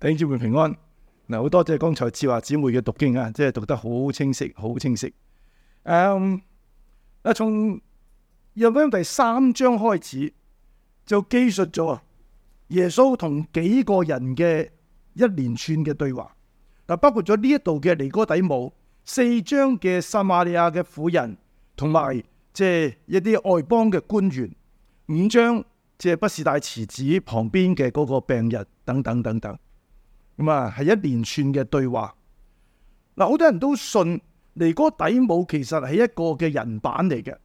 弟兄姊妹平安，嗱好多謝剛才志華姊妹嘅讀經啊，即係讀得好清晰，好清晰。嗯，一從約翰福音第三章開始就記述咗耶穌同幾個人嘅一連串嘅對話，嗱包括咗呢一度嘅尼哥底母、四章嘅撒瑪利亞嘅婦人，同埋即係一啲外邦嘅官員，五章即係畢士大池旁邊嘅嗰個病人，等等等等。咁啊，係一連串嘅對話。嗱，好多人都信尼哥底母其實係一個嘅人版嚟嘅，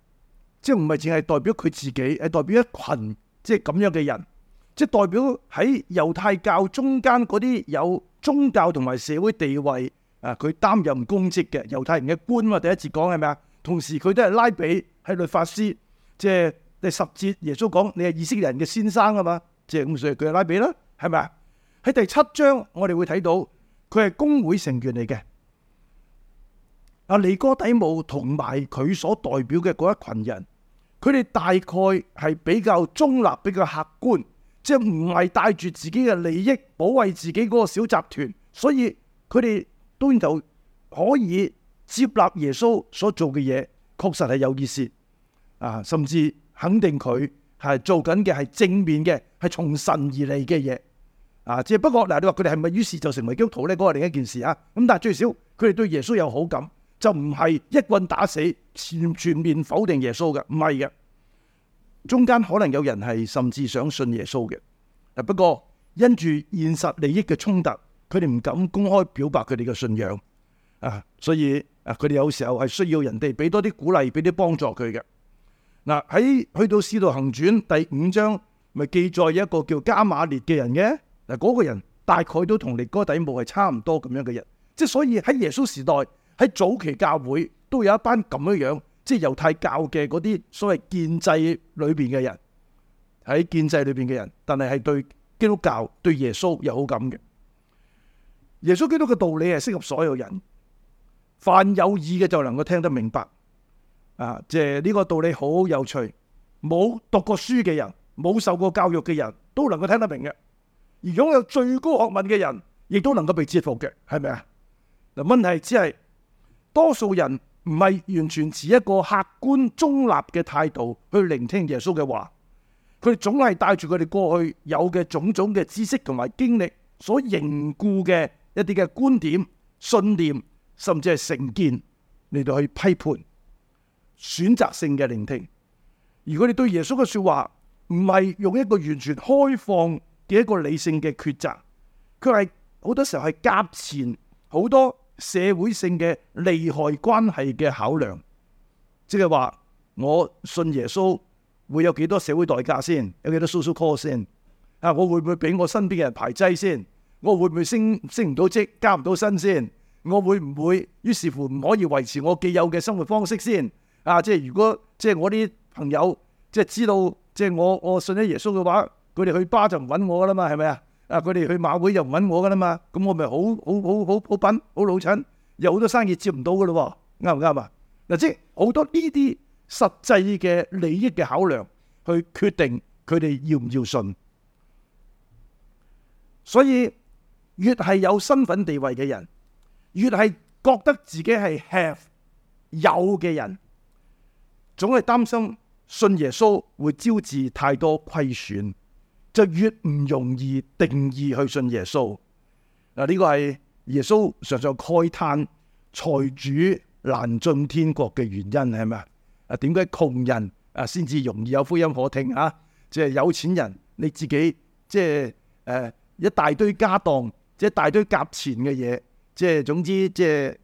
即係唔係淨係代表佢自己，係代表一群，即係咁樣嘅人，即係代表喺猶太教中間嗰啲有宗教同埋社會地位啊，佢擔任公職嘅猶太人嘅官啊，第一節講，係咪啊？同時佢都係拉比，係律法師。即係第十節，耶穌講你係以色列人嘅先生啊嘛，即係咁所以佢係拉比啦，係咪啊？喺第七章，我哋會睇到佢係公會成員嚟嘅。阿尼哥底母同埋佢所代表嘅嗰一群人，佢哋大概係比較中立、比較客觀，即係唔係帶住自己嘅利益保衛自己嗰個小集團，所以佢哋都有可以接納耶穌所做嘅嘢，確實係有意思啊，甚至肯定佢係做緊嘅係正面嘅，係從神而嚟嘅嘢。啊！只不過嗱，你話佢哋係咪於是就成為基督徒呢？嗰係另一件事吓啊。咁但係最少佢哋對耶穌有好感，就唔係一棍打死全全面否定耶穌嘅，唔係嘅。中間可能有人係甚至想信耶穌嘅。不過因住現實利益嘅衝突，佢哋唔敢公開表白佢哋嘅信仰啊。所以啊，佢哋有時候係需要人哋俾多啲鼓勵、俾啲幫助佢嘅。嗱喺去到《使徒行傳》第五章，咪記載一個叫加瑪列嘅人嘅。嗱，嗰個人大概都同尼哥底母係差唔多咁樣嘅人，即所以喺耶穌時代，喺早期教會都有一班咁樣樣，即係猶太教嘅嗰啲所謂建制裏邊嘅人，喺建制裏邊嘅人，但係係對基督教、對耶穌有好感嘅。耶穌基督嘅道理係適合所有人，凡有耳嘅就能夠聽得明白。啊，即係呢個道理好有趣，冇讀過書嘅人，冇受過教育嘅人都能夠聽得明嘅。而擁有最高學問嘅人也，亦都能夠被折服嘅，係咪啊？嗱，問題只係多數人唔係完全持一個客觀中立嘅態度去聆聽耶穌嘅話，佢哋總係帶住佢哋過去有嘅種種嘅知識同埋經歷所凝固嘅一啲嘅觀點、信念，甚至係成見嚟到去批判、選擇性嘅聆聽。如果你對耶穌嘅説話唔係用一個完全開放，一個理性嘅抉擇，佢係好多時候係夾前好多社會性嘅利害關係嘅考量，即係話我信耶穌會有幾多社會代價先，有幾多 social cost 先？啊，我會唔會俾我身邊嘅人排擠先？我會唔會升升唔到職，加唔到薪先？我會唔會於是乎唔可以維持我既有嘅生活方式先？啊，即係如果即係我啲朋友即係知道即係我我信咗耶穌嘅話？佢哋去巴就唔揾我噶啦嘛，係咪啊？啊，佢哋去馬會又唔揾我噶啦嘛，咁我咪好好好好好品好老襯，又好多生意接唔到噶咯，啱唔啱啊？嗱，即好多呢啲實際嘅利益嘅考量，去決定佢哋要唔要信。所以越係有身份地位嘅人，越係覺得自己係 have 有嘅人，總係擔心信耶穌會招致太多虧損，就越唔容易定意去信耶穌。嗱，呢個係耶穌常常慨嘆財主難進天國嘅原因，係咪啊？點解窮人啊先至容易有福音可聽啊？即係有錢人你自己即係誒、呃、一大堆家當，即係一大堆夾錢嘅嘢，即係總之即係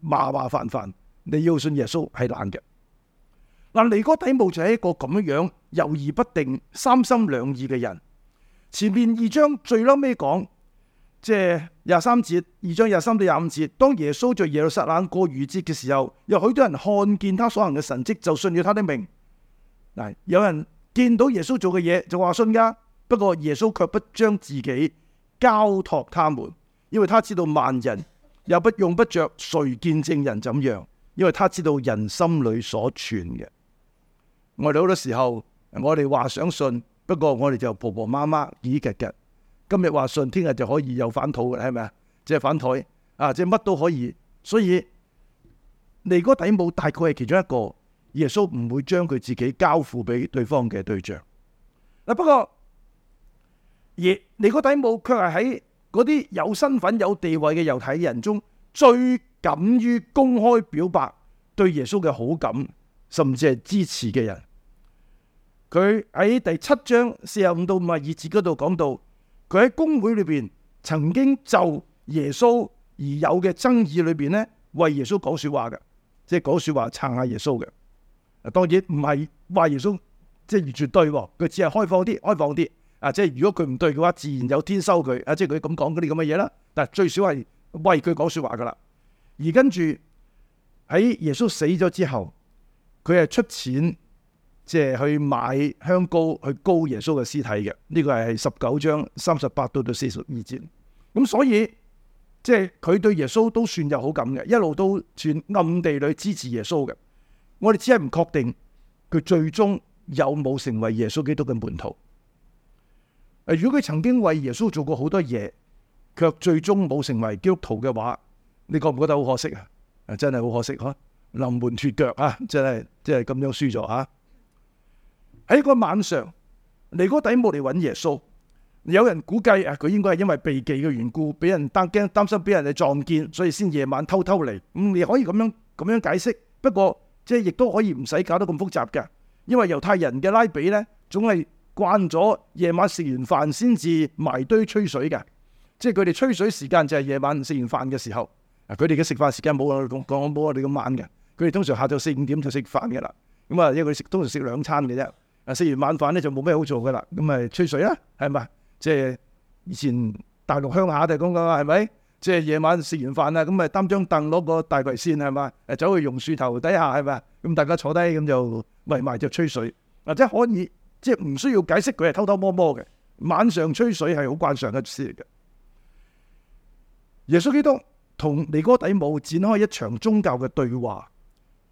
麻麻煩煩，你要信耶穌係難嘅。嗱，尼哥底母就係一個咁樣樣猶豫不定、三心兩意嘅人。前面二章最嬲尾講，即係廿三節二章廿三到廿五節，當耶穌在耶路撒冷過逾節嘅時候，有許多人看見他所行嘅神蹟，就信了他的名。嗱，有人見到耶穌做嘅嘢就話信噶，不過耶穌卻不將自己交託他們，因為他知道萬人，又不用不着誰見證人怎樣，因為他知道人心裏所存嘅。我哋好多時候，我哋話想信，不過我哋就婆婆媽媽，依依吉吉，今日話信，聽日就可以有反肚嘅，係咪啊？即係反台啊，即係乜都可以。所以尼哥底姆大概係其中一個，耶穌唔會將佢自己交付俾對方嘅對象。嗱，不過而尼哥底姆卻係喺嗰啲有身份、有地位嘅猶太人中，最敢於公開表白對耶穌嘅好感。甚至係支持嘅人，佢喺第七章四十五到五十二節嗰度講到，佢喺公會裏邊曾經就耶穌而有嘅爭議裏邊咧，為耶穌講說話嘅，即係講說話撐下耶穌嘅。啊，當然唔係話耶穌即係絕對，佢只係開放啲，開放啲。啊，即係如果佢唔對嘅話，自然有天收佢。啊，即係佢咁講嗰啲咁嘅嘢啦。但係最少係為佢講說話噶啦。而跟住喺耶穌死咗之後。佢係出錢，即係去買香膏去膏耶穌嘅屍體嘅，呢個係十九章三十八到到四十二節。咁所以即係佢對耶穌都算有好感嘅，一路都算暗地裏支持耶穌嘅。我哋只係唔確定佢最終有冇成為耶穌基督嘅門徒。誒，如果佢曾經為耶穌做過好多嘢，卻最終冇成為基督徒嘅話，你覺唔覺得好可惜啊？真係好可惜嗬。臨門脫腳啊！真係真係咁樣輸咗嚇。喺、啊、個晚上尼哥底母嚟揾耶穌，有人估計啊，佢應該係因為避忌嘅緣故，俾人擔驚擔心俾人哋撞見，所以先夜晚偷偷嚟。咁、嗯、你可以咁樣咁樣解釋，不過即係亦都可以唔使搞得咁複雜嘅，因為猶太人嘅拉比咧，總係慣咗夜晚食完飯先至埋堆吹水嘅，即係佢哋吹水時間就係夜晚食完飯嘅時候。啊，佢哋嘅食飯時間冇我哋咁冇我哋咁晚嘅。佢哋通常下晝四五點就食飯嘅啦，咁啊因為佢食通常食兩餐嘅啫，啊食完晚飯咧就冇咩好做噶啦，咁咪吹水啦，係咪？即係以前大陸鄉下就講，講係咪？即係夜晚食完飯啊，咁咪擔張凳攞個大葵扇係咪？誒走去榕樹頭底下係咪？咁大家坐低咁就圍埋就吹水，或者可以即係唔需要解釋，佢係偷偷摸摸嘅，晚上吹水係好慣常嘅事嚟嘅。耶穌基督同尼哥底姆展開一場宗教嘅對話。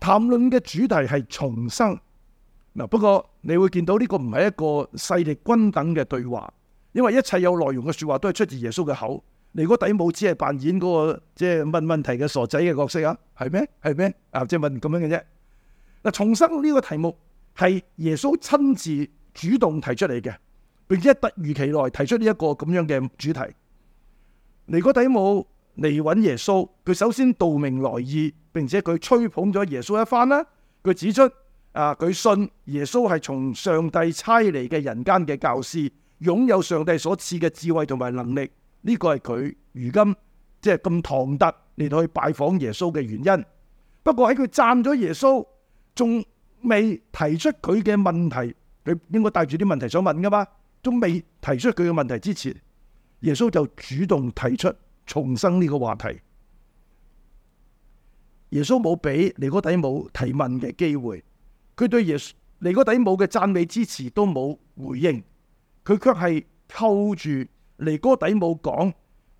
談論嘅主題係重生，嗱，不過你會見到呢個唔係一個勢力均等嘅對話，因為一切有內容嘅說話都係出自耶穌嘅口。尼哥底姆只係扮演嗰個即係問問題嘅傻仔嘅角色啊，係咩？係咩？啊，即係問咁樣嘅啫。嗱，重生呢個題目係耶穌親自主動提出嚟嘅，並且突如其來提出呢一個咁樣嘅主題。尼哥底姆，嚟揾耶穌，佢首先道明來意，並且佢吹捧咗耶穌一番啦。佢指出啊，佢信耶穌係從上帝差嚟嘅人間嘅教師，擁有上帝所賜嘅智慧同埋能力。呢個係佢如今即係咁唐突嚟去拜訪耶穌嘅原因。不過喺佢讚咗耶穌，仲未提出佢嘅問題，佢應該帶住啲問題想問噶嘛，仲未提出佢嘅問題之前，耶穌就主動提出。重生呢個話題，耶穌冇俾尼哥底母提問嘅機會，佢對耶穌尼哥底母嘅讚美支持都冇回應，佢卻係扣住尼哥底母講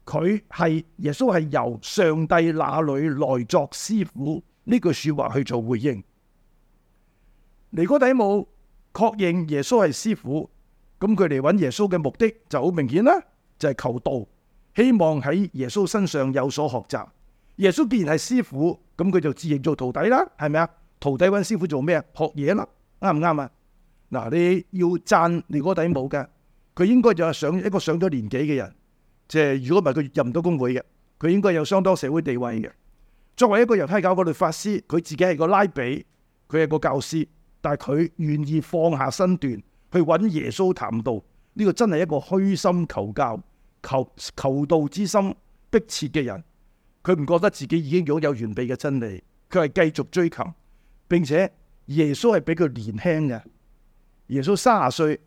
佢係耶穌係由上帝那裏來作師傅呢句說話去做回應。尼哥底母確認耶穌係師傅，咁佢嚟揾耶穌嘅目的就好明顯啦，就係求道。希望喺耶穌身上有所學習。耶穌既然係師傅，咁佢就自認做徒弟啦，係咪啊？徒弟揾師傅做咩啊？學嘢啦，啱唔啱啊？嗱，你要讚你嗰底冇噶，佢應該就係上一個上咗年紀嘅人，即係如果唔係佢入唔到公會嘅，佢應該有相當社會地位嘅。作為一個猶太教律法師，佢自己係個拉比，佢係個教師，但係佢願意放下身段去揾耶穌談道，呢、這個真係一個虛心求教。求求道之心迫切嘅人，佢唔覺得自己已經擁有完備嘅真理，佢係繼續追求，並且耶穌係比佢年輕嘅。耶穌三十歲，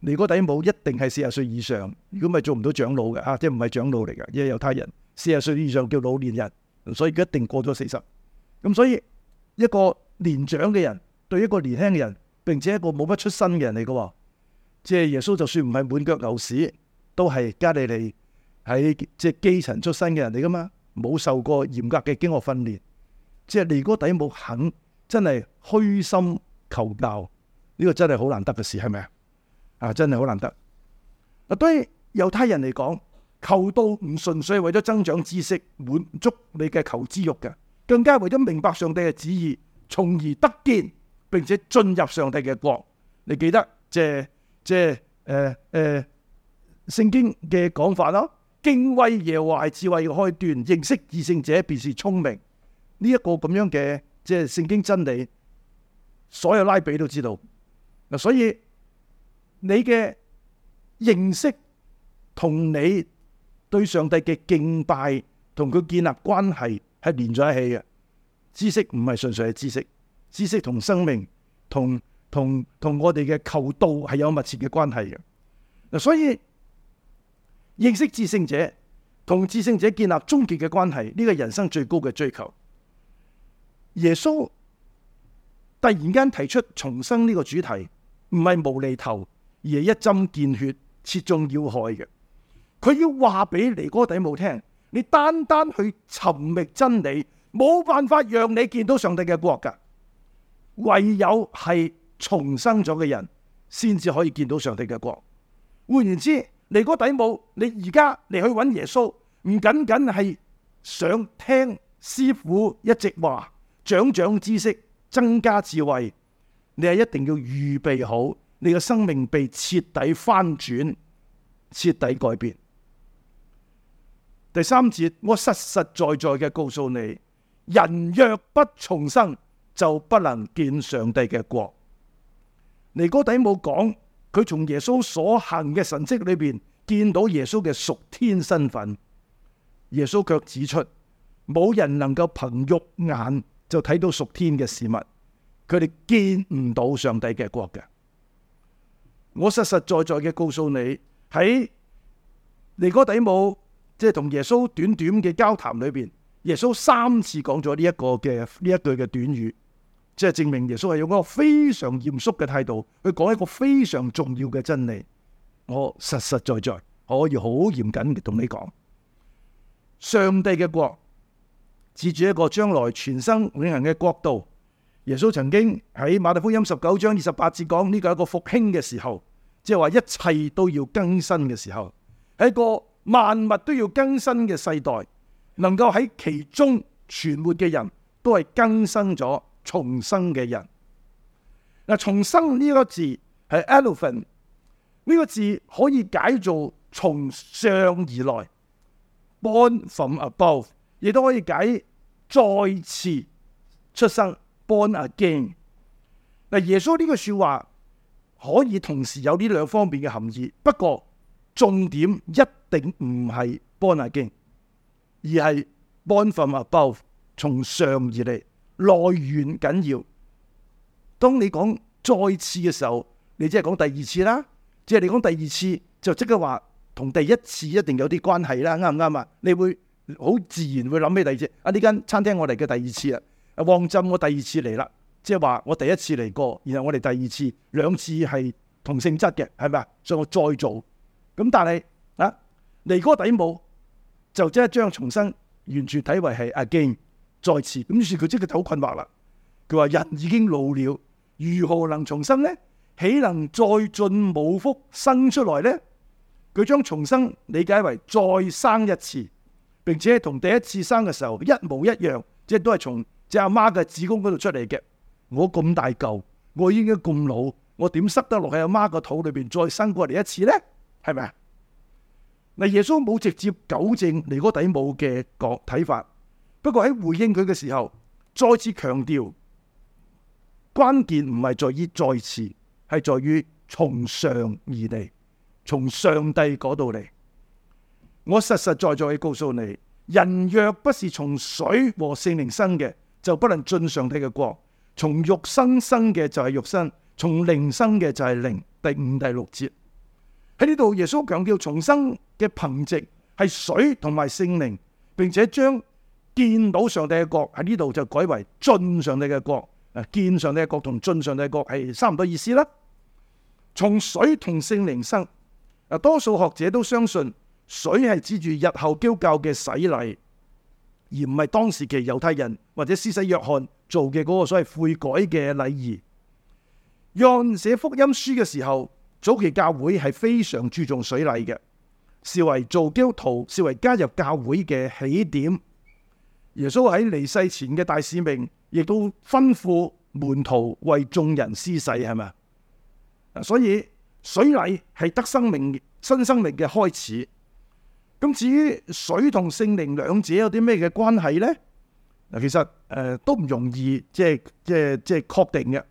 尼哥底母一定係四十歲以上，如果咪做唔到長老嘅啊，即係唔係長老嚟嘅，因為猶太人，四十歲以上叫老年人，所以佢一定過咗四十。咁所以一個年長嘅人對一個年輕嘅人，並且一個冇乜出身嘅人嚟嘅，即係耶穌就算唔係滿腳牛屎。都係加利利，喺即係基層出身嘅人嚟噶嘛，冇受過嚴格嘅經學訓練，即係尼哥底母冇肯，真係虛心求教，呢、這個真係好難得嘅事，係咪啊？啊，真係好難得。嗱，對於猶太人嚟講，求道唔純粹係為咗增長知識、滿足你嘅求知欲嘅，更加為咗明白上帝嘅旨意，從而得見並且進入上帝嘅國。你記得即係即係誒誒。聖經嘅講法啦，敬畏耶和華智慧嘅開端，認識至聖者便是聰明。呢、這、一個咁樣嘅即係聖經真理，所有拉比都知道。嗱，所以你嘅認識同你對上帝嘅敬拜同佢建立關係係連在一起嘅。知識唔係純粹係知識，知識同生命同同同我哋嘅求道係有密切嘅關係嘅。嗱，所以。認識至聖者，同至聖者建立終極嘅關係，呢個人生最高嘅追求。耶穌突然間提出重生呢個主題，唔係無厘頭，而係一針見血，切中的要害嘅。佢要話俾尼哥底母聽，你單單去尋覓真理，冇辦法讓你見到上帝嘅國噶。唯有係重生咗嘅人，先至可以見到上帝嘅國。換言之，你尼哥底母，你而家你去揾耶穌，唔僅僅係想聽師傅一直話，增長，長知識，增加智慧，你係一定要預備好，你嘅生命被徹底翻轉，徹底改變。第三節，我實實在在嘅告訴你，人若不重生，就不能見上帝嘅國。尼哥底母講。佢從耶穌所行嘅神跡裏邊見到耶穌嘅屬天身份，耶穌卻指出冇人能夠憑肉眼就睇到屬天嘅事物，佢哋見唔到上帝嘅國嘅。我實實在在嘅告訴你，喺尼哥底母即係同耶穌短短嘅交談裏邊，耶穌三次講咗呢一個嘅呢一句嘅短語。即係證明耶穌係用一個非常嚴肅嘅態度去講一個非常重要嘅真理。我實實在在，我可以好嚴謹地同你講，上帝嘅國指住一個將來全生永恆嘅國度。耶穌曾經喺馬太福音十九章二十八節講呢、這個係一個復興嘅時候，即係話一切都要更新嘅時候，係一個萬物都要更新嘅世代，能夠喺其中存活嘅人都係更新咗。重生嘅人嗱，重生呢個字係 elephant，呢個字可以解做從上而來，born from above，亦都可以解再次出生，born again。嗱，耶穌呢句說話可以同時有呢兩方面嘅含義，不過重點一定唔係 born again，而係 born from above，從上而嚟。來源緊要。當你講再次嘅時候，你即係講第二次啦。即係你講第二次，就即刻話同第一次一定有啲關係啦。啱唔啱啊？你會好自然會諗起第二次。啊，呢間餐廳我嚟嘅第二次啦。啊，旺浸我第二次嚟啦。即係話我第一次嚟過，然後我哋第二次，兩次係同性質嘅，係咪啊？所以我再做。咁但係啊，尼哥底母，就即係將重生完全睇為係 again 再次咁，於是佢即刻就好困惑啦。佢話：人已經老了，如何能重生呢？豈能再進母腹生出來呢？佢將重生理解為再生一次，並且同第一次生嘅時候一模一樣，即係都係從隻阿媽嘅子宮嗰度出嚟嘅。我咁大嚿，我已經咁老，我點塞得落去阿媽個肚裏邊再生過嚟一次呢？係咪啊？嗱，耶穌冇直接糾正尼哥底母嘅個睇法。不過喺回應佢嘅時候，再次強調關鍵唔係在於「再次」，係在於從上而嚟，從上帝嗰度嚟。我實實在在地告訴你，人若不是從水和聖靈生嘅，就不能進上帝嘅國。從肉身生嘅就係肉身，從靈生嘅就係靈。第五、第六節喺呢度，耶穌強調重生嘅憑藉係水同埋聖靈，並且將，見到上帝嘅國喺呢度就改為進上帝嘅國。啊，見上帝嘅國同進上帝嘅國係差唔多意思啦。從水同聖靈生，啊，多數學者都相信水係指住日後教教嘅洗禮，而唔係當時嘅猶太人或者施洗約翰做嘅嗰個所謂悔改嘅禮儀。約翰寫福音書嘅時候，早期教會係非常注重水禮嘅，視為做基督徒、視為加入教會嘅起點。耶穌喺離世前嘅大使命，亦都吩咐門徒為眾人施洗。係咪？所以水禮係得生命、新生命嘅開始。咁至於水同聖靈兩者有啲咩嘅關係呢？嗱，其實誒、呃、都唔容易，即係即係確定嘅。誒、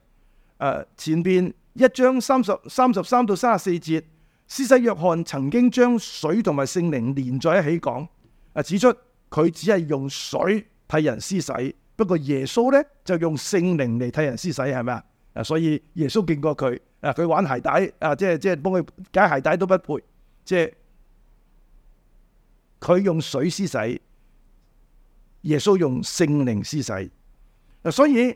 呃，前邊一章三十三十三到三十四節，施洗約翰曾經將水同埋聖靈連在一起講，啊指出。佢只係用水替人施洗，不過耶穌呢，就用聖靈嚟替人施洗，係咪啊？啊，所以耶穌見過佢，啊，佢玩鞋帶，啊，即係即係幫佢解鞋帶都不配，即係佢用水施洗，耶穌用聖靈施洗。所以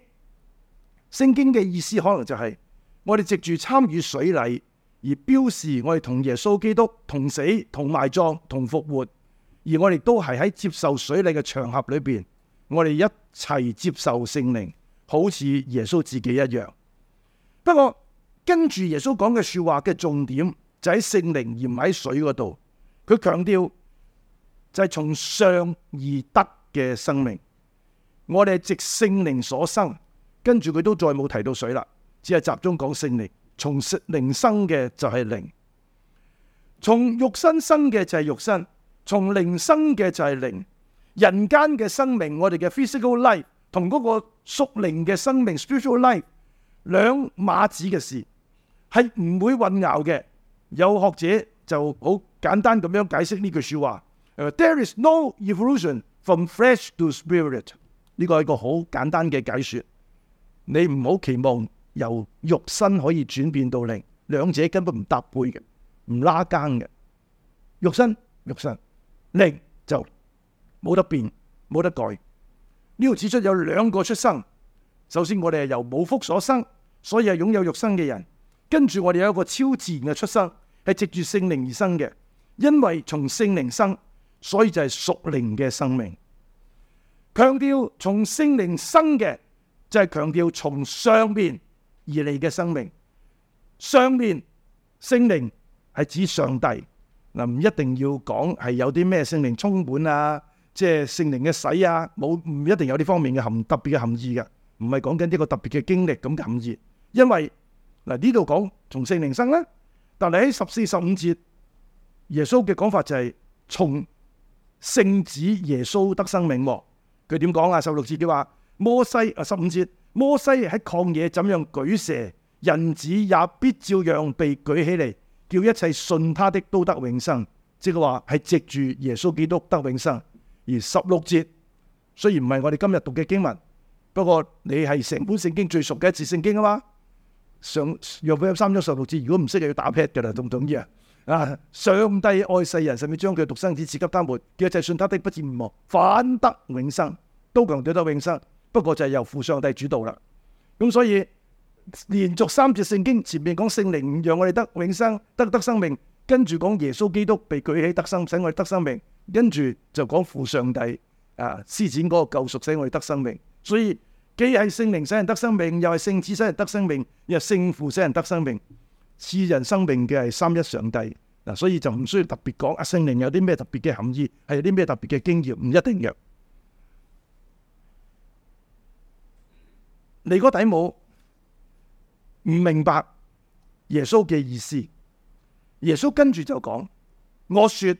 聖經嘅意思可能就係、是、我哋藉住參與水禮而標示我哋同耶穌基督同死同埋葬同復活。而我哋都係喺接受水禮嘅場合裏邊，我哋一齊接受聖靈，好似耶穌自己一樣。不過跟住耶穌講嘅說話嘅重點就喺聖靈而唔喺水嗰度。佢強調就係從上而得嘅生命，我哋係藉聖靈所生。跟住佢都再冇提到水啦，只係集中講聖靈。從靈生嘅就係靈，從肉身生嘅就係肉身。從靈生嘅就係靈，人間嘅生命，我哋嘅 physical life 同嗰個屬靈嘅生命 spiritual life 兩碼子嘅事係唔會混淆嘅。有學者就好簡單咁樣解釋呢句説話：誒，There is no evolution from flesh to spirit。呢個係一個好簡單嘅解説。你唔好期望由肉身可以轉變到靈，兩者根本唔搭配嘅，唔拉更嘅肉身，肉身。靈就冇得變，冇得改。呢度指出有兩個出生。首先，我哋係由母腹所生，所以係擁有肉身嘅人。跟住我哋有一個超自然嘅出生，係藉住聖靈而生嘅。因為從聖靈生，所以就係屬靈嘅生命。強調從聖靈生嘅，就係、是、強調從上面而嚟嘅生命。上面，聖靈係指上帝。嗱，唔一定要講係有啲咩聖靈充滿啊，即係聖靈嘅洗啊，冇，唔一定有呢方面嘅含特別嘅含義嘅，唔係講緊呢個特別嘅經歷咁嘅含義。因為嗱，呢度講從聖靈生啦，但係喺十四十五節耶穌嘅講法就係從聖子耶穌得生命喎。佢點講啊？十六節佢話摩西啊，十五節摩西喺曠野，怎樣舉蛇，人子也必照樣被舉起嚟。叫一切信他的都得永生，即係話係藉住耶穌基督得永生。而十六節雖然唔係我哋今日讀嘅經文，不過你係成本聖經最熟嘅一次聖經啊嘛。上約福音三章十六節，如果唔識又要打劈 a t 噶啦，同唔同意啊？啊，上帝愛世人，甚至將佢獨生子賜給他們，叫一切信他的不至滅亡，反得永生。都強調得永生，不過就係由父上帝主導啦。咁所以。連續三節聖經，前面講聖靈讓我哋得永生，得得生命，跟住講耶穌基督被舉起得生，使我哋得生命，跟住就講父上帝啊，施展嗰個救贖使我哋得生命。所以既係聖靈使人得生命，又係聖子使人得生命，又係聖父使人得生命，賜人生命嘅係三一上帝嗱，所以就唔需要特別講、啊、聖靈有啲咩特別嘅含義，係有啲咩特別嘅經驗，唔一定嘅。尼哥底母。唔明白耶穌嘅意思，耶穌跟住就講：我説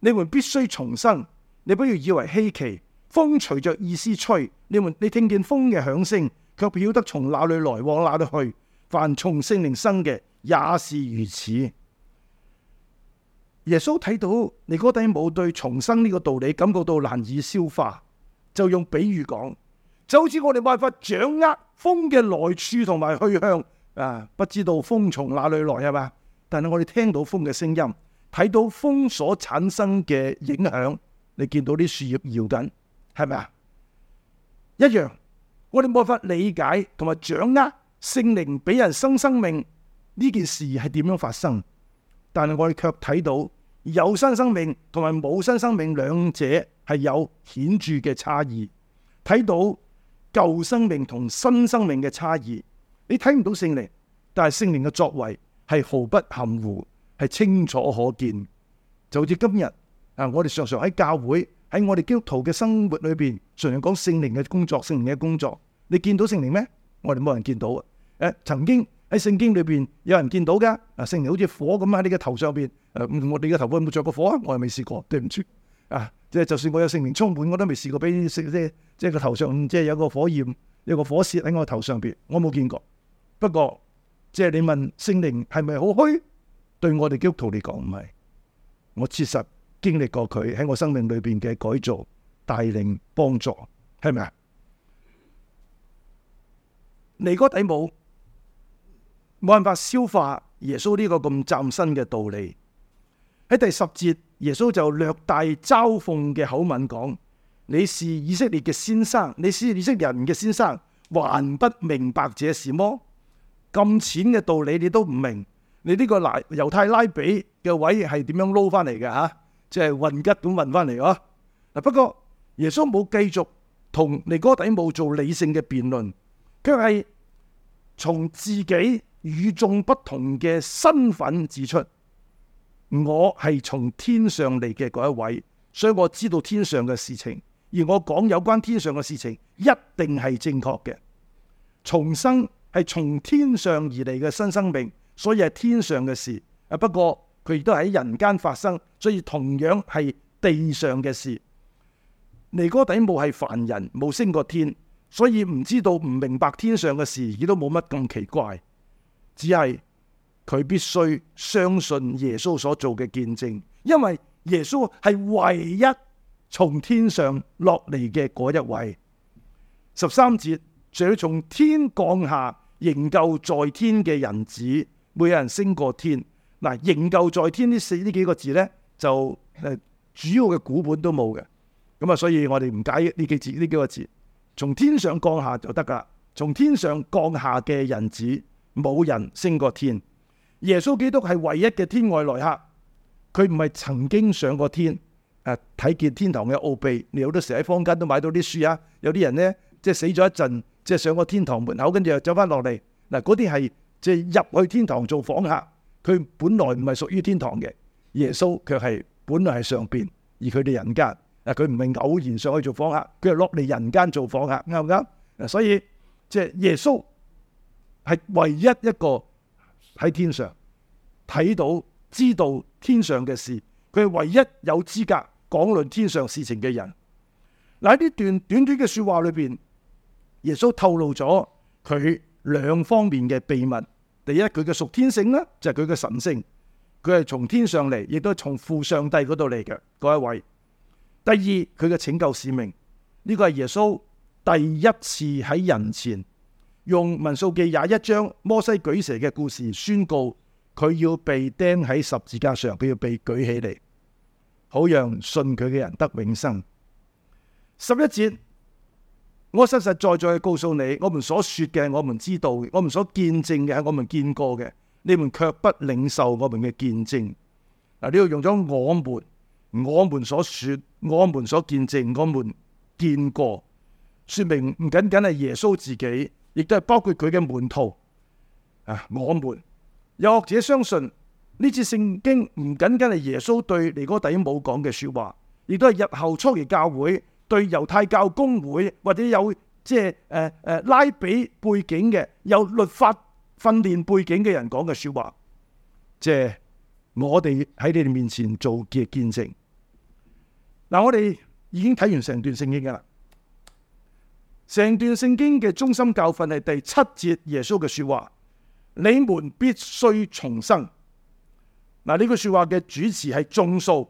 你們必須重生，你不要以為稀奇。風隨着意思吹，你們你聽見風嘅響聲，卻曉得從哪裏來往哪裏去。凡從聖靈生嘅，也是如此。耶穌睇到尼哥底母對重生呢個道理感覺到難以消化，就用比喻講，就好似我哋冇辦法掌握風嘅來處同埋去向。啊！不知道風從哪裏來係嘛？但係我哋聽到風嘅聲音，睇到風所產生嘅影響，你見到啲樹葉搖緊，係咪啊？一樣，我哋冇法理解同埋掌握聖靈俾人生生命呢件事係點樣發生，但係我哋卻睇到有生生命同埋冇生生命兩者係有顯著嘅差異，睇到舊生命同新生命嘅差異。你睇唔到聖靈，但係聖靈嘅作為係毫不含糊，係清楚可見。就好似今日啊，我哋常常喺教會、喺我哋基督徒嘅生活裏邊，常常講聖靈嘅工作、聖靈嘅工作。你見到聖靈咩？我哋冇人見到啊。誒，曾經喺聖經裏邊有人見到噶，啊，聖靈好似火咁喺你嘅頭上邊。誒，我哋嘅頭骨有冇着過火啊？我又未試過，對唔住啊。即係就算我有聖靈充滿，我都未試過俾即係即係個頭上即係有個火焰、有個火舌喺我頭上邊，我冇見過。不過，即係你問聖靈係咪好虛？對我哋基督徒嚟講唔係，我切實經歷過佢喺我生命裏邊嘅改造、帶領、幫助，係咪啊？尼哥底母，冇辦法消化耶穌呢個咁嶄新嘅道理。喺第十節，耶穌就略帶嘲諷嘅口吻講：「你是以色列嘅先生，你是以色列人嘅先生，還不明白這事嗎？咁淺嘅道理你都唔明，你呢個拉猶太拉比嘅位係點樣撈翻嚟嘅嚇？即係運吉咁運翻嚟啊。嗱、就是、不過耶穌冇繼續同尼哥底母做理性嘅辯論，佢係從自己與眾不同嘅身份指出，我係從天上嚟嘅嗰一位，所以我知道天上嘅事情，而我講有關天上嘅事情一定係正確嘅。重生。係從天上而嚟嘅新生命，所以係天上嘅事。啊，不過佢亦都喺人間發生，所以同樣係地上嘅事。尼哥底母係凡人，冇升過天，所以唔知道，唔明白天上嘅事，亦都冇乜咁奇怪。只係佢必須相信耶穌所做嘅見證，因為耶穌係唯一從天上落嚟嘅嗰一位。十三節，就要從天降下。仍舊在天嘅人子，沒有人升過天。嗱，仍舊在天呢四呢幾個字呢，就誒主要嘅古本都冇嘅。咁啊，所以我哋唔解呢幾字呢幾個字。從天上降下就得噶，從天上降下嘅人子，冇人升過天。耶穌基督係唯一嘅天外來客，佢唔係曾經上過天誒，睇見天堂嘅奧秘。你好多時喺坊間都買到啲書啊，有啲人呢，即係死咗一陣。即係上個天堂門口，跟住又走翻落嚟。嗱，嗰啲係即係入去天堂做訪客，佢本來唔係屬於天堂嘅，耶穌卻係本來係上邊，而佢哋人間嗱，佢唔係偶然上去做訪客，佢係落嚟人間做訪客，啱唔啱？所以即係、就是、耶穌係唯一一個喺天上睇到，知道天上嘅事，佢係唯一有資格講論天上事情嘅人。嗱喺呢段短短嘅說話裏邊。耶穌透露咗佢兩方面嘅秘密。第一，佢嘅屬天性呢，就係佢嘅神聖，佢係從天上嚟，亦都係從父上帝嗰度嚟嘅，嗰一位。第二，佢嘅拯救使命，呢個係耶穌第一次喺人前用民數記廿一章摩西舉蛇嘅故事宣告，佢要被釘喺十字架上，佢要被舉起嚟，好讓信佢嘅人得永生。十一節。我實實在在告訴你，我們所說嘅，我們知道嘅，我們所見證嘅係我們見過嘅，你們却不領受我們嘅見證。嗱，呢度用咗我們，我們所說，我們所見證，我們見過，說明唔僅僅係耶穌自己，亦都係包括佢嘅門徒。啊，我們有學者相信呢次聖經唔僅僅係耶穌對尼哥底母講嘅說話，亦都係日後初期教會對猶太教公會或者有即係誒誒拉比背景嘅有律法訓練背景嘅人講嘅說話，即係我哋喺你哋面前做嘅見證。嗱，我哋已經睇完成段聖經㗎喇，成段聖經嘅中心教訓係第七節耶穌嘅說話：你們必須重生。嗱，呢句說話嘅主持係眾數，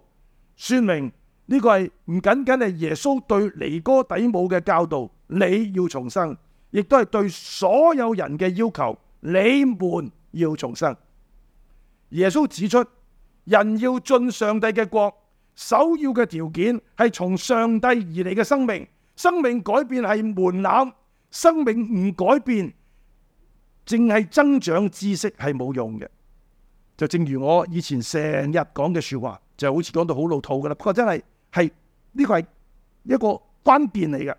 說明。呢個係唔僅僅係耶穌對尼哥底母嘅教導，你要重生，亦都係對所有人嘅要求，你們要重生。耶穌指出，人要進上帝嘅國，首要嘅條件係從上帝而嚟嘅生命，生命改變係門檻，生命唔改變，淨係增長知識係冇用嘅。就正如我以前成日講嘅說話，就好似講到好老套噶啦，不過真係。係，呢個係一個關鍵嚟嘅。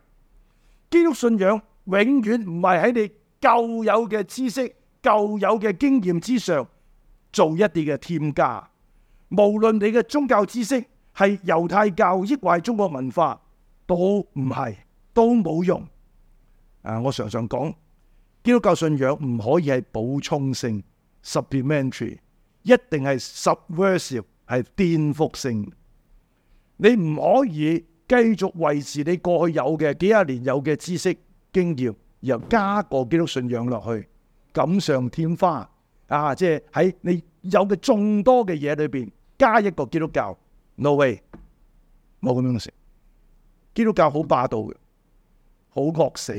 基督信仰永遠唔係喺你舊有嘅知識、舊有嘅經驗之上做一啲嘅添加。無論你嘅宗教知識係猶太教、抑或係中國文化，都唔係，都冇用。啊，我常常講，基督教信仰唔可以係補充性 （supplementary），一定係 subversive，係顛覆性。你唔可以繼續維持你過去有嘅幾廿年有嘅知識、經驗，然後加個基督信仰落去，錦上添花啊！即係喺你有嘅眾多嘅嘢裏邊加一個基督教，No way，冇咁樣嘅事。基督教好霸道嘅，好惡死。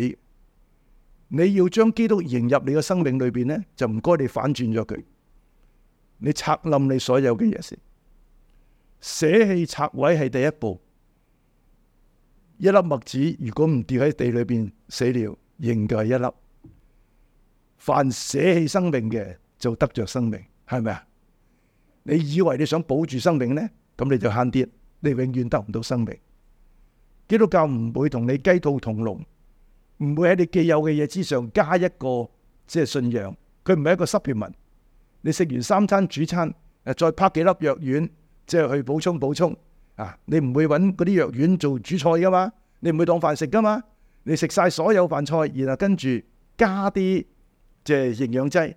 你要將基督迎入你嘅生命裏邊咧，就唔該你反轉咗佢，你拆冧你所有嘅嘢先。捨棄拆毀係第一步，一粒麥子如果唔掉喺地裏邊死了，仍舊係一粒。凡捨棄生命嘅就得着生命，係咪啊？你以為你想保住生命呢？咁你就慳啲，你永遠得唔到生命。基督教唔會同你雞兔同籠，唔會喺你既有嘅嘢之上加一個即係信仰，佢唔係一個 supplement。你食完三餐主餐，誒再拍幾粒藥丸。即係去補充補充啊！你唔會搵嗰啲藥丸做主菜噶嘛？你唔會當飯食噶嘛？你食晒所有飯菜，然後跟住加啲即係營養劑，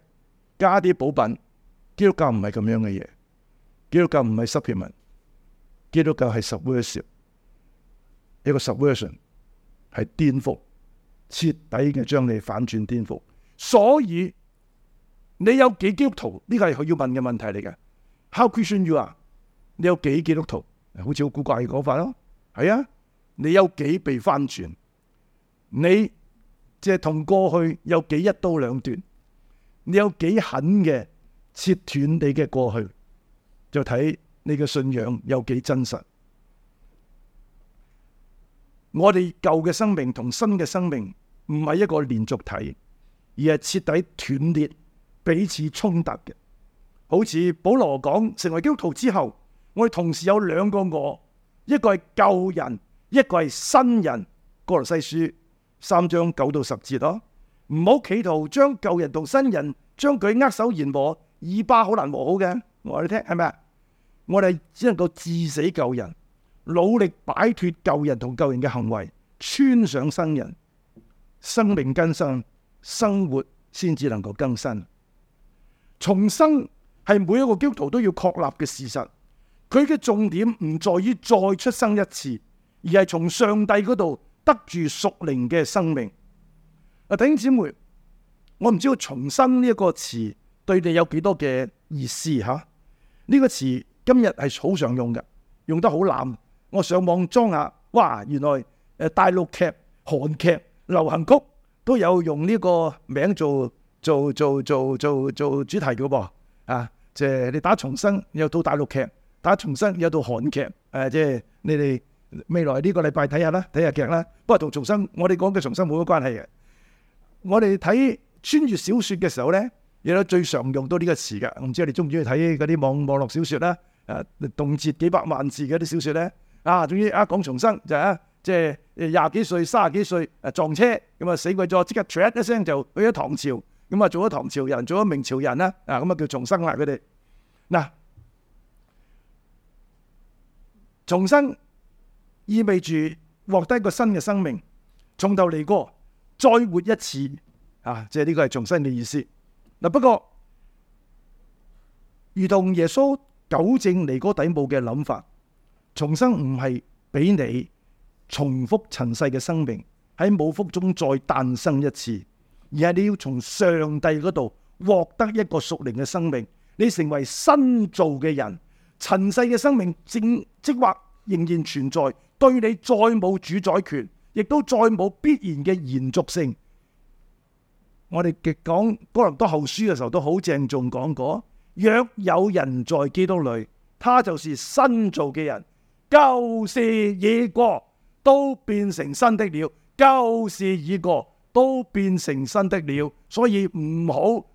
加啲補品。基督教唔係咁樣嘅嘢，基督教唔係 supplement，基督教係 subversive，一個 subversion 係顛覆，徹底嘅將你反轉顛覆。所以你有幾基督徒？呢個係佢要問嘅問題嚟嘅。How Christian are you 啊？你有幾基督徒？好似好古怪嘅講法咯。係啊，你有幾被翻轉？你即係同過去有幾一刀兩斷？你有幾狠嘅切斷你嘅過去？就睇，你嘅信仰有幾真實。我哋舊嘅生命同新嘅生命唔係一個連續體，而係徹底斷裂、彼此衝突嘅。好似保羅講，成為基督徒之後。我哋同時有兩個我，一個係舊人，一個係新人。哥羅西書三章九到十節咯、哦，唔好企圖將舊人同新人將佢握手言和，二巴好難和好嘅。我話你聽，係咪我哋只能夠治死舊人，努力擺脫舊人同舊人嘅行為，穿上新人，生命更生，生活先至能夠更新。重生係每一個基督徒都要確立嘅事實。佢嘅重點唔在於再出生一次，而係從上帝嗰度得住屬靈嘅生命。啊，弟兄姊妹，我唔知道重生呢一個詞對你有幾多嘅意思吓？呢個詞今日係好常用嘅，用得好濫。我上網裝下，哇，原來誒大陸劇、韓劇、流行曲都有用呢個名做做做做做做主題嘅噃啊！即係你打重生，有套大陸劇。打重生，有套韓劇，誒，即係你哋未來呢個禮拜睇下啦，睇下劇啦。不過同重生，我哋講嘅重生冇乜關係嘅。我哋睇穿越小説嘅時候咧，亦都最常用到呢個詞㗎。唔知你哋中唔中意睇嗰啲網網絡小説啦？誒，動輒幾百萬字嘅啲小説咧，啊，仲要一講重生就啊，即係廿幾歲、卅幾歲誒撞車，咁啊死鬼咗，即刻一聲就去咗唐朝，咁啊做咗唐朝人，做咗明朝人啦，啊咁啊叫重生啦佢哋嗱。重生意味住獲得一個新嘅生命，從頭嚟過，再活一次。啊，即係呢個係重生嘅意思。嗱，不過如同耶穌糾正尼哥底母嘅諗法，重生唔係俾你重複塵世嘅生命喺母腹中再誕生一次，而係你要從上帝嗰度獲得一個屬靈嘅生命，你成為新造嘅人。塵世嘅生命正即或仍然存在，對你再冇主宰權，亦都再冇必然嘅延續性。我哋極講哥林多後書嘅時候都好鄭重講過，若有人在基督裏，他就是新造嘅人，舊事已過，都變成新的了；舊事已過，都變成新的了。所以唔好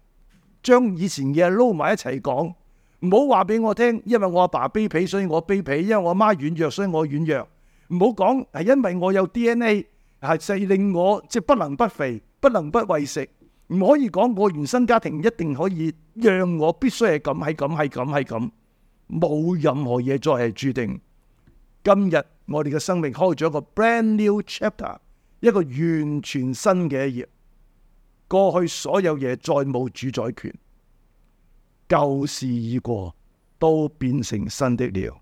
將以前嘅嘢撈埋一齊講。唔好話俾我聽，因為我阿爸，爸卑鄙，所以我卑鄙；因為我阿媽軟弱，所以我軟弱。唔好講係因為我有 DNA 係制令我即、就是、不能不肥，不能不餵食。唔可以講我原生家庭一定可以讓我必須係咁，係咁，係咁，係咁。冇任何嘢再係註定。今日我哋嘅生命開咗一個 brand new chapter，一個完全新嘅一頁。過去所有嘢再冇主宰權。舊事已過，都變成新的了。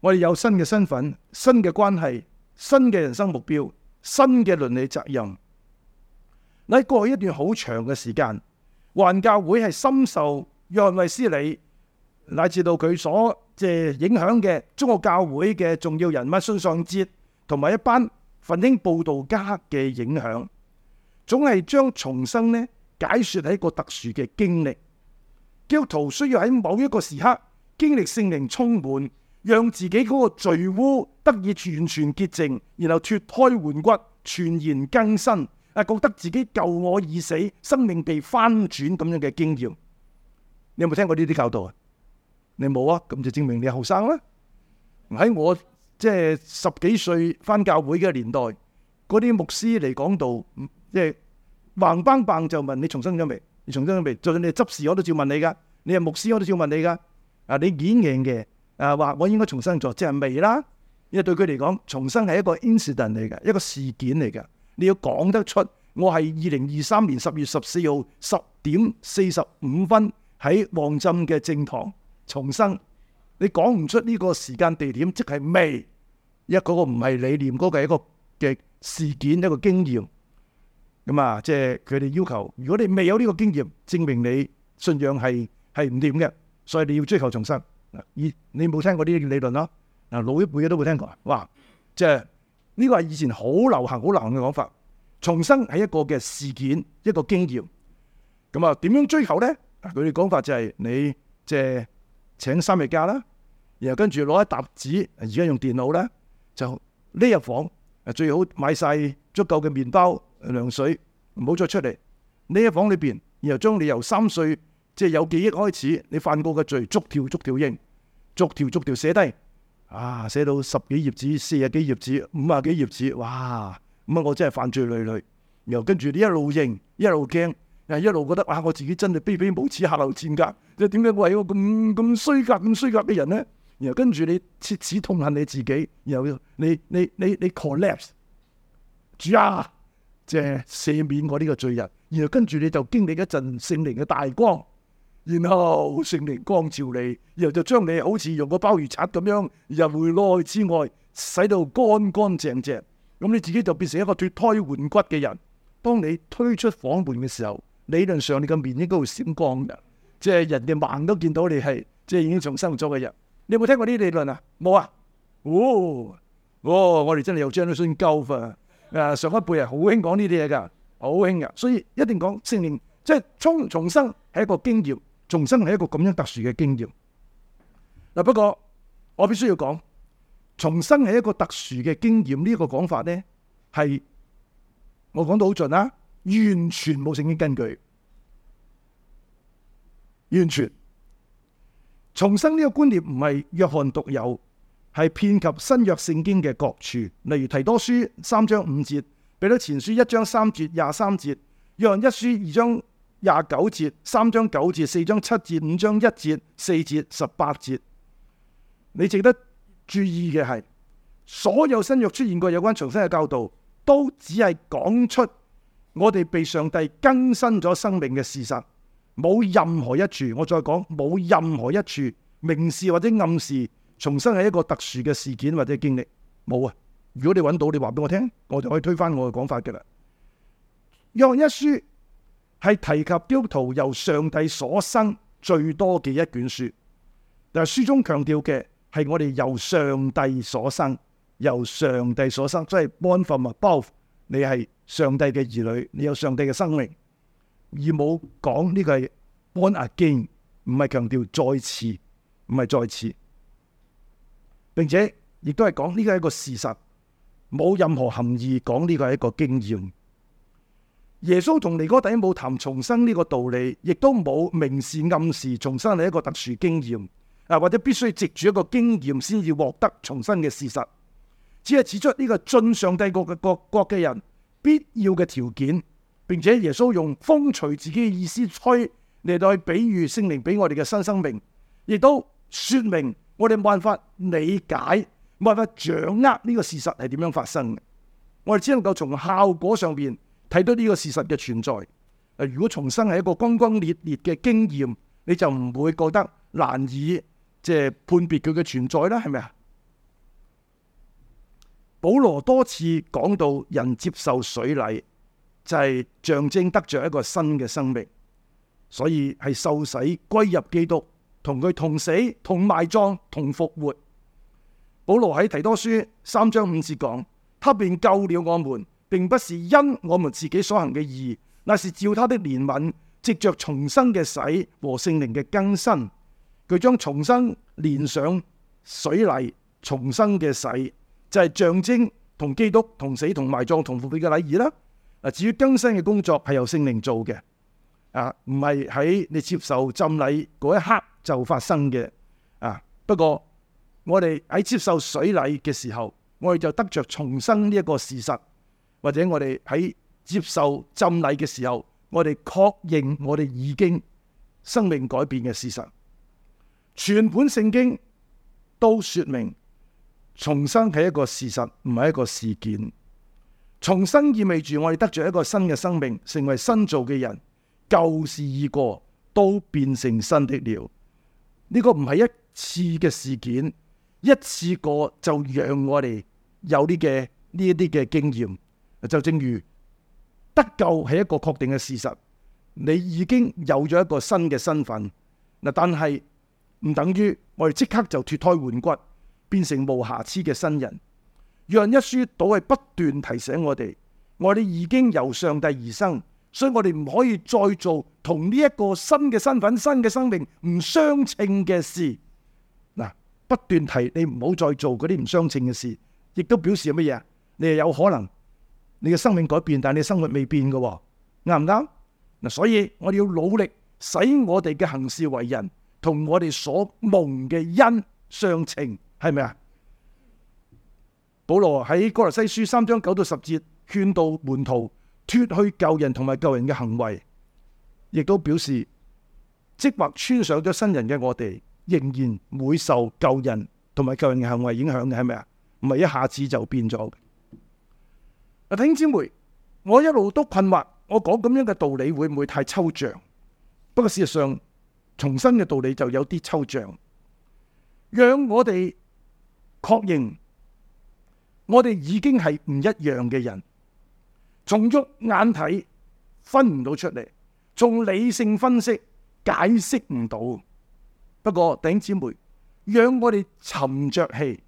我哋有新嘅身份、新嘅關係、新嘅人生目標、新嘅倫理責任。喺過去一段好長嘅時間，華人教會係深受約翰衛斯理乃至到佢所即係影響嘅中國教會嘅重要人物宋尚節同埋一班奮興佈道家嘅影響。.總係將重生咧解說喺個特殊嘅經歷，基督徒需要喺某一個時刻經歷聖靈充滿，讓自己嗰個罪污得以完全潔淨，然後脫胎換骨、全然更新，啊覺得自己舊我已死，生命被翻轉咁樣嘅經驗。你有冇聽過呢啲教導啊？你冇啊？咁就證明你後生啦。喺我即係十幾歲返教會嘅年代，嗰啲牧師嚟講道。即係橫班橫就問你重生咗未？你重生咗未？就算你係執事我都照問你噶，你係牧師我都照問你噶。啊，你演證嘅啊話我應該重生咗，即係未啦？因為對佢嚟講，重生係一個 instant 嚟嘅，一個事件嚟嘅。你要講得出我係二零二三年十月十四號十點四十五分喺旺浸嘅正堂重生。你講唔出呢個時間地點，即係未？一個個唔係理念，嗰、那個係一個嘅事件，一個經驗。咁啊，即係佢哋要求，如果你未有呢個經驗，證明你信仰係係唔掂嘅，所以你要追求重生。而你冇聽過呢啲理論咯？嗱，老一輩嘅都會聽過，話即係呢個係以前好流行、好流行嘅講法。重生係一個嘅事件，一個經驗。咁啊，點樣追求咧？佢哋講法就係你即係請三日假啦，然後跟住攞一沓紙，而家用電腦啦，就匿入房，最好買晒足夠嘅麵包、涼水，唔好再出嚟。呢一房裏邊，然後將你由三歲即係有記憶開始，你犯過嘅罪，逐條逐條認，逐條逐條寫低。啊，寫到十幾頁紙、四十幾頁紙、五十幾頁紙，哇！咁啊，我真係犯罪累累。然後跟住你一路認，一路驚，又一,一路覺得啊，我自己真係卑鄙無恥、下流賤格。你點解會係一個咁咁衰格、咁衰格嘅人呢？然後跟住你切齒痛恨你自己，然後你你你你，你 collapse。主啊，即係赦免我呢個罪人，然後跟住你就經歷一陣聖靈嘅大光，然後聖靈光照你，然後就將你好似用個鮑魚刷咁樣入內之外，洗到乾乾淨淨，咁你自己就變成一個脫胎換骨嘅人。當你推出房門嘅時候，理論上你嘅面應該會閃光嘅，即係人哋盲都見到你係即係已經重生咗嘅人。你有冇聽過呢啲理論啊？冇啊！哦哦，我哋真係有張啲新膏佛。誒，上一輩係好興講呢啲嘢噶，好興噶，所以一定講聖靈，即係重重生係一個經驗，重生係一個咁樣特殊嘅經驗。嗱，不過我必須要講，重生係一個特殊嘅經驗呢個講法呢，係我講到好盡啦，完全冇聖經根據，完全，重生呢個觀念唔係約翰獨有。係遍及新約聖經嘅各處，例如提多書三章五節，彼得前書一章三節廿三節，約一書二章廿九節，三章九節，四章七節，五章一節四節十八節。你值得注意嘅係，所有新約出現過有關重生嘅教導，都只係講出我哋被上帝更新咗生命嘅事實，冇任何一處，我再講冇任何一處明示或者暗示。重生係一個特殊嘅事件或者經歷，冇啊！如果你揾到，你話俾我聽，我就可以推翻我嘅講法嘅啦。約一書係提及信徒由上帝所生最多嘅一卷書，但係書中強調嘅係我哋由上帝所生，由上帝所生，即係 born from above。你係上帝嘅兒女，你有上帝嘅生命，而冇講呢個係 born again，唔係強調再次，唔係再次。並且亦都係講呢個係一個事實，冇任何含義。講呢個係一個經驗。耶穌同尼哥底母談重生呢個道理，亦都冇明示暗示重生係一個特殊經驗，啊或者必須藉住一個經驗先至獲得重生嘅事實。只係指出呢個進上帝國嘅各國嘅人必要嘅條件，並且耶穌用風隨自己嘅意思吹嚟到去比喻聖靈俾我哋嘅新生命，亦都說明。我哋冇辦法理解，冇辦法掌握呢個事實係點樣發生嘅。我哋只能夠從效果上邊睇到呢個事實嘅存在。誒，如果重生係一個轟轟烈烈嘅經驗，你就唔會覺得難以即係判別佢嘅存在啦？係咪啊？保羅多次講到，人接受水禮就係、是、象徵得着一個新嘅生命，所以係受洗歸入基督。同佢同死同埋葬同復活，保羅喺提多書三章五節講：他便救了我們，並不是因我們自己所行嘅義，那是照他的憐憫，藉着重生嘅洗和聖靈嘅更新。佢將重生連上水禮，重生嘅洗就係、是、象徵同基督同死同埋葬同復活嘅禮儀啦。啊，至於更新嘅工作係由聖靈做嘅，啊，唔係喺你接受浸禮嗰一刻。就發生嘅啊！不過我哋喺接受水禮嘅時候，我哋就得着重生呢一個事實；或者我哋喺接受浸禮嘅時候，我哋確認我哋已經生命改變嘅事實。全本聖經都說明，重生係一個事實，唔係一個事件。重生意味住我哋得着一個新嘅生命，成為新造嘅人，舊事已過，都變成新的了。呢個唔係一次嘅事件，一次過就讓我哋有呢嘅呢一啲嘅經驗。就正如得救係一個確定嘅事實，你已經有咗一個新嘅身份嗱，但係唔等於我哋即刻就脫胎換骨，變成無瑕疵嘅新人。約翰一書倒係不斷提醒我哋，我哋已經由上帝而生。所以我哋唔可以再做同呢一個新嘅身份、新嘅生命唔相稱嘅事。嗱，不斷提你唔好再做嗰啲唔相稱嘅事，亦都表示乜嘢啊？你係有可能你嘅生命改變，但係你生活未變嘅，啱唔啱？嗱，所以我哋要努力使我哋嘅行事為人同我哋所蒙嘅恩相稱，係咪啊？保羅喺哥羅西書三章九到十節勸導門徒。脫去舊人同埋舊人嘅行為，亦都表示，即或穿上咗新人嘅我哋，仍然會受舊人同埋舊人嘅行為影響嘅，係咪啊？唔係一下子就變咗嘅。弟兄姊妹，我一路都困惑，我講咁樣嘅道理會唔會太抽象？不過事實上，重生嘅道理就有啲抽象，讓我哋確認我哋已經係唔一樣嘅人。從肉眼睇分唔到出嚟，從理性分析解釋唔到。不過弟兄姊妹，讓我哋沉着氣，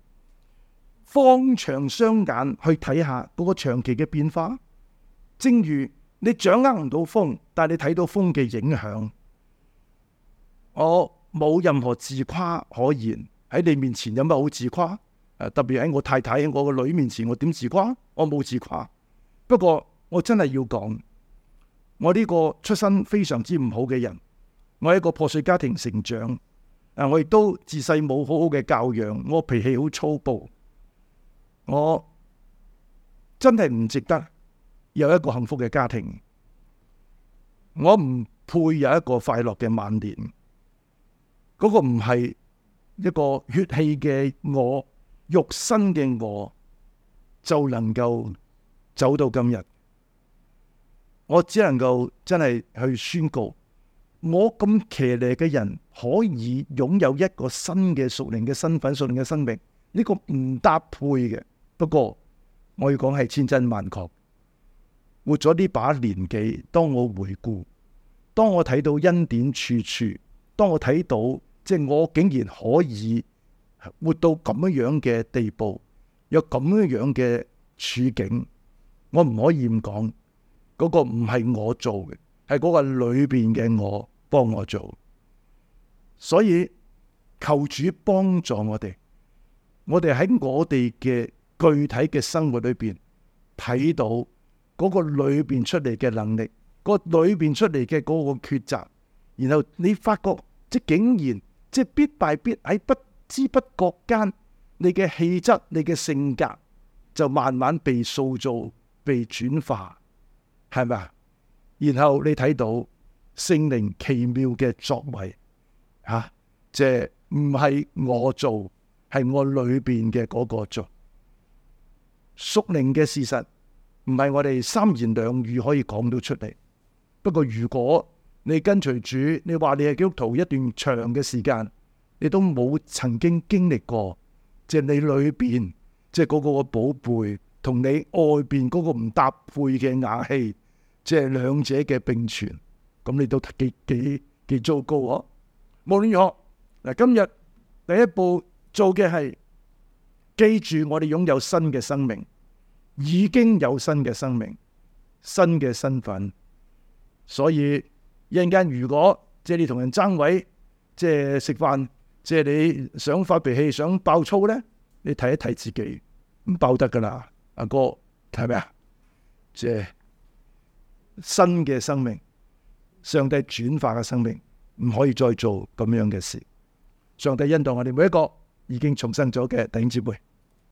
放長雙眼去睇下嗰個長期嘅變化。正如你掌握唔到風，但你睇到風嘅影響。我冇任何自誇可言。喺你面前有乜好自誇？誒，特別喺我太太、喺我個女面前，我點自誇？我冇自誇。不過我真係要講，我呢個出身非常之唔好嘅人，我係一個破碎家庭成長，啊，我亦都自細冇好好嘅教養，我脾氣好粗暴，我真係唔值得有一個幸福嘅家庭，我唔配有一個快樂嘅晚年，嗰個唔係一個血氣嘅我，肉身嘅我就能夠。走到今日，我只能夠真係去宣告，我咁騎呢嘅人可以擁有一個新嘅屬靈嘅身份、屬靈嘅生命。呢、這個唔搭配嘅，不過我要講係千真萬確。活咗呢把年紀，當我回顧，當我睇到恩典處處，當我睇到即係、就是、我竟然可以活到咁樣樣嘅地步，有咁樣樣嘅處境。我唔可以咁講，嗰個唔係我做嘅，係嗰個裏邊嘅我幫我做。所以求主幫助我哋，我哋喺我哋嘅具體嘅生活裏邊睇到嗰個裏邊出嚟嘅能力，嗰個裏邊出嚟嘅嗰個抉擇。然後你發覺即竟然即係必敗必喺不知不覺間，你嘅氣質、你嘅性格就慢慢被塑造。被轉化係咪啊？然後你睇到聖靈奇妙嘅作為，吓即係唔係我做，係我裏邊嘅嗰個做屬靈嘅事實，唔係我哋三言兩語可以講到出嚟。不過如果你跟隨主，你話你係基督徒一段長嘅時間，你都冇曾經經歷過，即係你裏邊即係嗰個個寶貝。同你外邊嗰個唔搭配嘅瓦器，即係兩者嘅並存，咁你都幾幾幾糟糕啊！哦！無論如何，嗱今日第一步做嘅係記住我哋擁有新嘅生命，已經有新嘅生命，新嘅身份。所以一陣間如果即係你同人爭位，即係食飯，即係你想發脾氣、想爆粗咧，你睇一睇自己，咁爆得噶啦。阿哥，睇咩啊？即係新嘅生命，上帝轉化嘅生命，唔可以再做咁樣嘅事。上帝引導我哋每一個已經重生咗嘅弟兄姊妹。